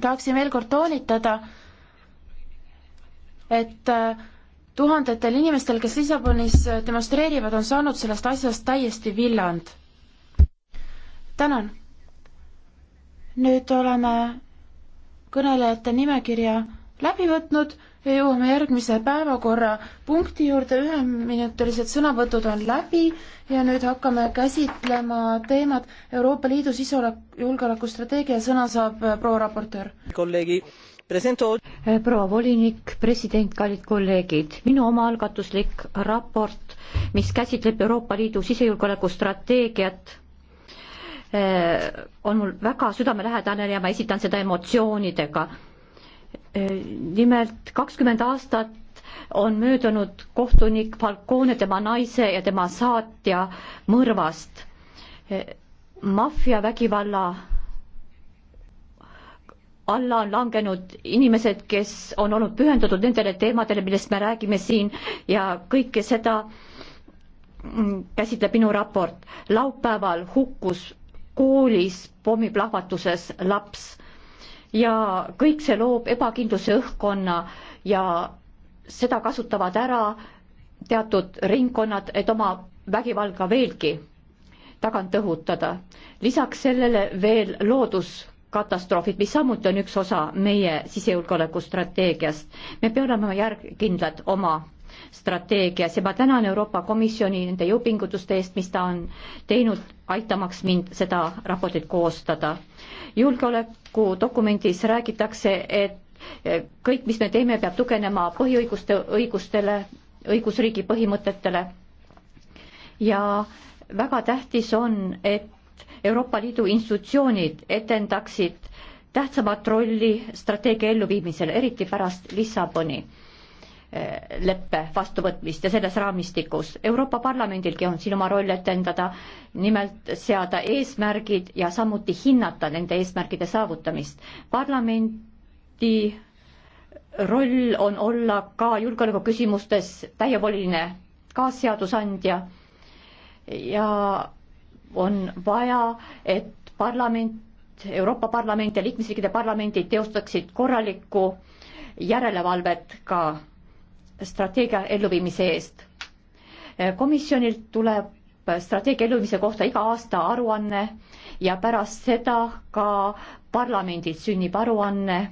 tahaksin veel kord toonitada, et äh, tuhandetel inimestel, kes Lissabonis äh, demonstreerivad, on saanud sellest asjast täiesti villand. tänan. nüüd oleme kõnelejate nimekirja läbi võtnud ja jõuame järgmise päevakorrapunkti juurde, üheminutilised sõnavõtud on läbi ja nüüd hakkame käsitlema teemat Euroopa Liidu sisejulgeolekustrateegia, sõna saab äh, proua raportöör. kolleegi presento-. Äh, proua volinik, president, kallid kolleegid, minu omaalgatuslik raport, mis käsitleb Euroopa Liidu sisejulgeolekustrateegiat, äh, on mul väga südamelähedane ja ma esitan seda emotsioonidega Äh, nimelt kakskümmend aastat on möödunud kohtunik Falcone, tema naise ja tema saatja mõrvast. Äh, maffiavägivalla alla on langenud inimesed, kes on olnud pühendatud nendele teemadele, millest me räägime siin ja kõike seda mm, käsitleb minu raport. laupäeval hukkus koolis pommiplahvatuses laps ja kõik see loob ebakindluse õhkkonna ja seda kasutavad ära teatud ringkonnad, et oma vägivalga veelgi tagant õhutada. lisaks sellele veel looduskatastroofid, mis samuti on üks osa meie sisejulgeoleku strateegiast. me peame olema järgkindlad oma strateegias ja ma tänan Euroopa Komisjoni nende jõupingutuste eest, mis ta on teinud, aitamaks mind seda raportit koostada julgeolekudokumendis räägitakse, et kõik, mis me teeme, peab tuginema põhiõiguste, õigustele, õigusriigi põhimõtetele. ja väga tähtis on, et Euroopa Liidu institutsioonid etendaksid tähtsamat rolli strateegia elluviimisel, eriti pärast Lissaboni Eh, leppe vastuvõtmist ja selles raamistikus. Euroopa Parlamendilgi on siin oma roll etendada, nimelt seada eesmärgid ja samuti hinnata nende eesmärgide saavutamist. parlamendi roll on olla ka julgeolekuküsimustes täievoliline kaasseadusandja ja on vaja, et parlament, Euroopa Parlament ja liikmesriikide parlamendid teostaksid korralikku järelevalvet ka strateegia elluviimise eest. komisjonilt tuleb strateegia elluviimise kohta iga aasta aruanne ja pärast seda ka parlamendilt sünnib aruanne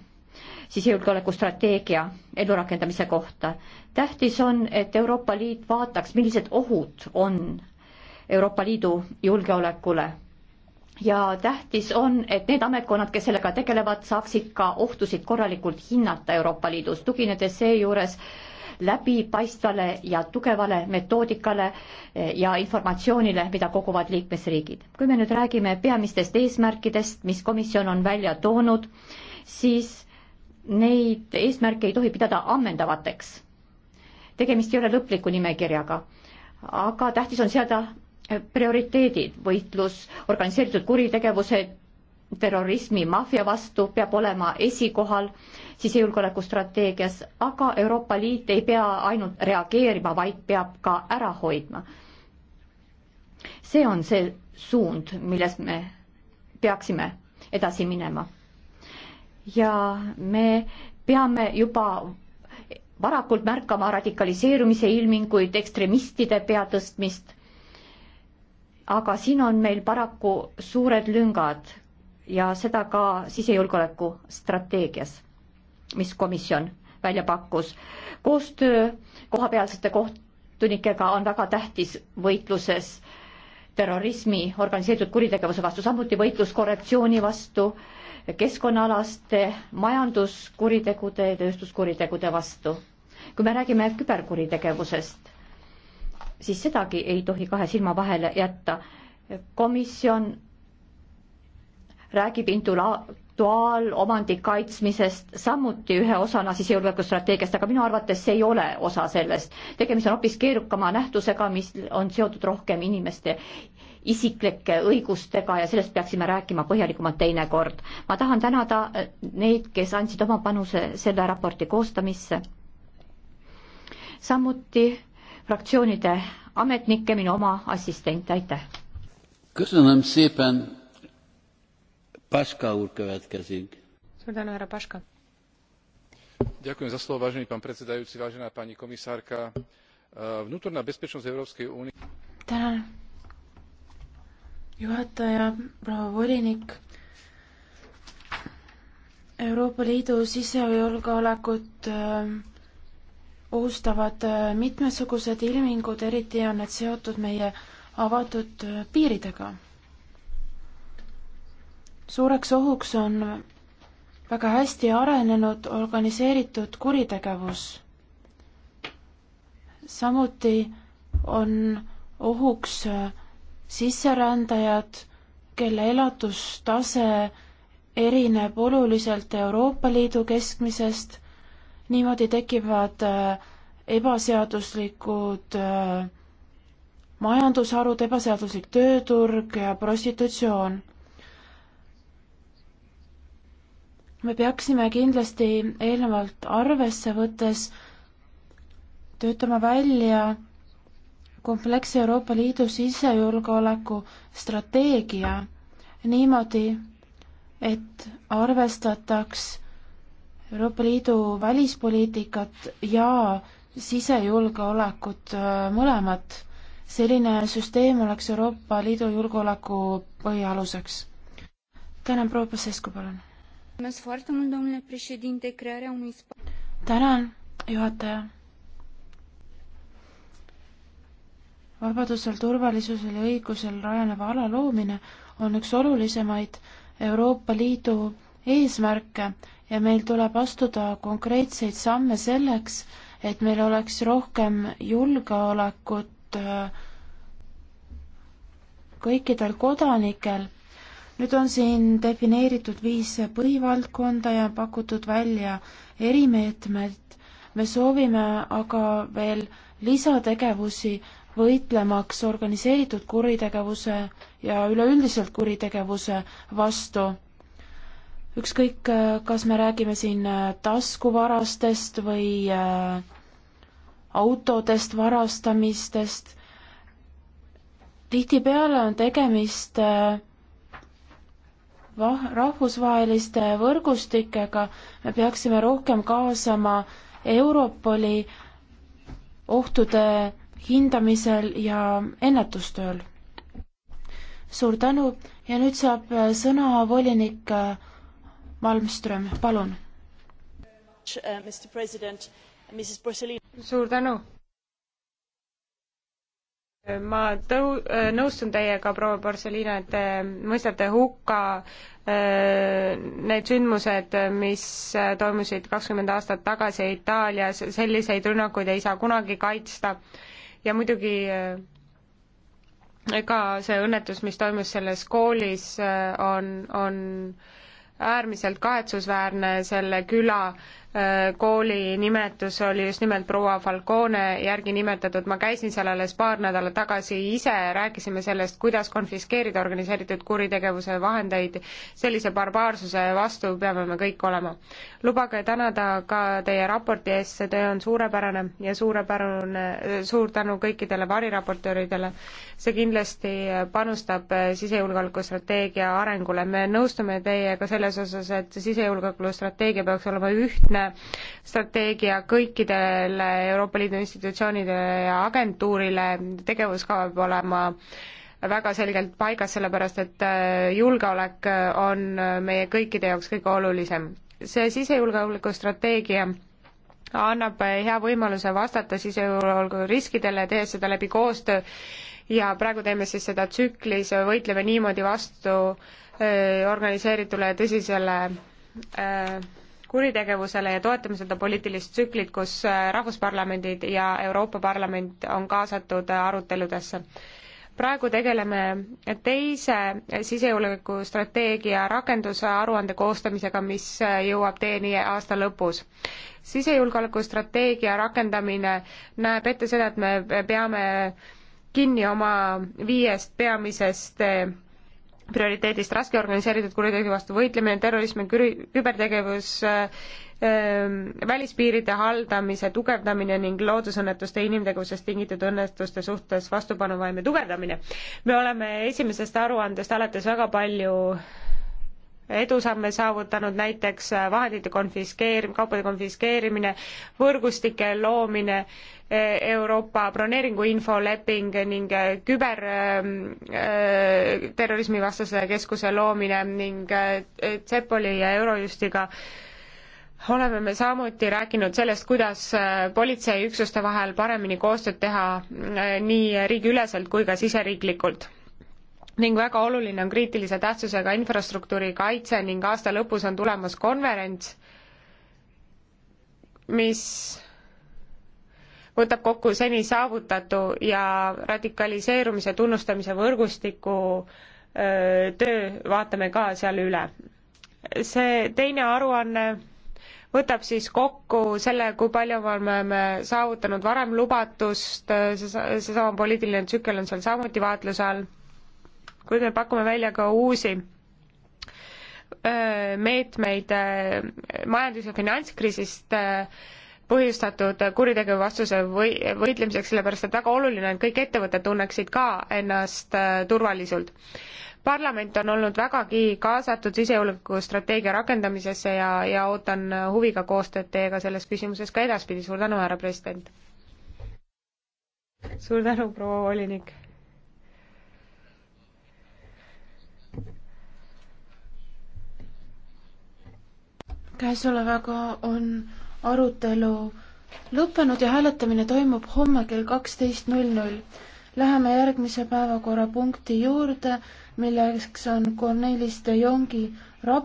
sisejulgeolekustrateegia ellurakendamise kohta. tähtis on, et Euroopa Liit vaataks, millised ohud on Euroopa Liidu julgeolekule. ja tähtis on, et need ametkonnad, kes sellega tegelevad, saaksid ka ohtusid korralikult hinnata Euroopa Liidus, tuginedes seejuures äh, läbipaistvale ja tugevale metoodikale eh, ja informatsioonile, mida koguvad liikmesriigid. kui me nüüd räägime peamistest eesmärkidest, mis komisjon on välja toonud, siis neid eesmärke ei tohi pidada ammendavateks. tegemist ei ole lõpliku nimekirjaga, aga tähtis on seada prioriteedid, võitlus, organiseeritud kuritegevused, terrorismi maffia vastu peab olema esikohal sisejulgeolekustrateegias, aga Euroopa Liit ei pea ainult reageerima, vaid peab ka ära hoidma. see on see suund, milles me peaksime edasi minema. ja me peame juba varakult märkama radikaliseerumise ilminguid, ekstremistide peatõstmist. aga siin on meil paraku suured lüngad, ja seda ka sisejulgeoleku strateegias, mis komisjon välja pakkus. koostöö kohapealsete kohtunikega on väga tähtis võitluses terrorismi, organiseeritud kuritegevuse vastu, samuti võitlus korruptsiooni vastu, keskkonnaalaste, majanduskuritegude ja tööstuskuritegude vastu. kui me räägime küberkuritegevusest, siis sedagi ei tohi kahe silma vahele jätta. komisjon räägib intellektuaalomandi kaitsmisest samuti ühe osana siis julgeolekustrateegiast, aga minu arvates see ei ole osa sellest. tegemist on hoopis keerukama nähtusega, mis on seotud rohkem inimeste isiklike õigustega ja sellest peaksime rääkima põhjalikumalt teinekord. ma tahan tänada äh, neid, kes andsid oma panuse selle raporti koostamisse. samuti fraktsioonide ametnikke, minu oma assistente, aitäh! köszönöm szépen Paška úr következik. Suur tänu, härra Paška. Ďakujem za slovo, vážený pán predsedajúci, vážená pani komisárka. Eh, vnútorná bezpečnosť Európskej únie... Tänan, juhataja, proua volinik. Euroopa Liidu sisejulgeolekut eh, ohustavad eh, mitmesugused ilmingud, eriti on need seotud meie avatud piiridega suureks ohuks on väga hästi arenenud organiseeritud kuritegevus. samuti on ohuks äh, sisserändajad, kelle elatustase erineb oluliselt Euroopa Liidu keskmisest, niimoodi tekivad äh, ebaseaduslikud äh, majandusharud, ebaseaduslik tööturg ja prostitutsioon me peaksime kindlasti eelnevalt arvesse võttes töötama välja kompleksse Euroopa Liidu sisejulgeoleku strateegia niimoodi, et arvestataks Euroopa Liidu välispoliitikat ja sisejulgeolekut äh, mõlemat. selline süsteem oleks Euroopa Liidu julgeoleku põhialuseks. tänan, proua Pasescu, palun! tänan, juhataja. vabadusel, turvalisusel ja õigusel rajaneva ala loomine on üks olulisemaid Euroopa Liidu eesmärke ja meil tuleb astuda konkreetseid samme selleks, et meil oleks rohkem julgeolekut äh, kõikidel kodanikel nüüd on siin defineeritud viis põhivaldkonda ja pakutud välja erimeetmed. me soovime aga veel lisategevusi võitlemaks organiseeritud kuritegevuse ja üleüldiselt kuritegevuse vastu. ükskõik, kas me räägime siin äh, taskuvarastest või äh, autodest varastamistest, tihtipeale on tegemist äh, rahvusvaheliste võrgustikega, me peaksime rohkem kaasama Europoli ohtude hindamisel ja ennetustööl. suur tänu ja nüüd saab äh, sõna volinik äh, Malmström, palun. Uh, suur tänu ma tõu-, äh, nõustun teiega, proua Porcelina, et te mõistate hukka äh, need sündmused, mis äh, toimusid kakskümmend aastat tagasi Itaalias, selliseid rünnakuid ei saa kunagi kaitsta. ja muidugi ega see õnnetus, mis toimus selles koolis, on, on äärmiselt kahetsusväärne selle küla Äh, kooli nimetus oli just nimelt proua Falcone järgi nimetatud, ma käisin seal alles paar nädalat tagasi ise, rääkisime sellest, kuidas konfiskeerida organiseeritud kuritegevuse vahendeid, sellise barbaarsuse vastu peame me kõik olema. lubage tänada ka teie raporti eest, see töö on suurepärane ja suurepärane, äh, suur tänu kõikidele variraportööridele, see kindlasti panustab sisejulgeolekustrateegia arengule, me nõustume teiega selles osas, et sisejulgeolekustrateegia peaks olema ühtne, ühtne strateegia kõikidele Euroopa Liidu institutsioonidele ja agentuurile, tegevuskava peab olema väga selgelt paigas, sellepärast et äh, julgeolek äh, on äh, meie kõikide jaoks kõige olulisem. see sisejulgeoleku strateegia annab hea võimaluse vastata sisejulgeoleku riskidele, tehes seda läbi koostöö ja praegu teeme siis seda tsüklis, võitleme niimoodi vastu organiseeritule tõsisele äh, kuritegevusele ja toetame seda poliitilist tsüklit, kus äh, rahvusparlamendid ja Euroopa Parlament on kaasatud äh, aruteludesse. praegu tegeleme teise äh, sisejulgeoleku strateegia rakenduse aruande koostamisega, mis jõuab teieni aasta lõpus. sisejulgeoleku strateegia rakendamine näeb ette seda, et me peame kinni oma viiest peamisest prioriteedist raske organiseeritud kuritegude vastu võitlemine, terrorism ja kübertegevus äh,, ähm, välispiiride haldamise tugevdamine ning loodusõnnetuste inimtegevusest tingitud õnnetuste suhtes vastupanuvaime tugevdamine. me oleme esimesest aruandest alates väga palju edusamme saavutanud, näiteks äh, vahendite konfiskeerim-, kaupade konfiskeerimine, võrgustike loomine, äh, Euroopa broneeringu infoleping ning äh, küberterrorismivastase ähm, keskuse loomine ning CEPOL-i ja Eurojustiga oleme me samuti rääkinud sellest, kuidas politseiüksuste vahel paremini koostööd teha nii riigiüleselt kui ka siseriiklikult ning väga oluline on kriitilise tähtsusega infrastruktuuri kaitse ning aasta lõpus on tulemas konverents, mis võtab kokku seni saavutatu ja radikaliseerumise tunnustamise võrgustiku öö, töö, vaatame ka seal üle. see teine aruanne võtab siis kokku selle, kui palju me oleme saavutanud varem lubatust, see, seesama poliitiline tsükkel on seal samuti vaatluse all kuid me pakume välja ka uusi meetmeid majandus- ja finantskriisist põhjustatud kuritegevuse vastuse või võitlemiseks, sellepärast et väga oluline on, et kõik ettevõtted tunneksid ka ennast turvaliselt. parlament on olnud vägagi kaasatud sisejulgeolekustrateegia rakendamisesse ja, ja ootan huviga koostööd teiega selles küsimuses ka edaspidi, suur tänu, härra president! suur tänu, proua volinik! käesolevaga on arutelu lõppenud ja hääletamine toimub homme kell kaksteist null null. Läheme järgmise päevakorrapunkti juurde, milleks on Cornelis de Jongi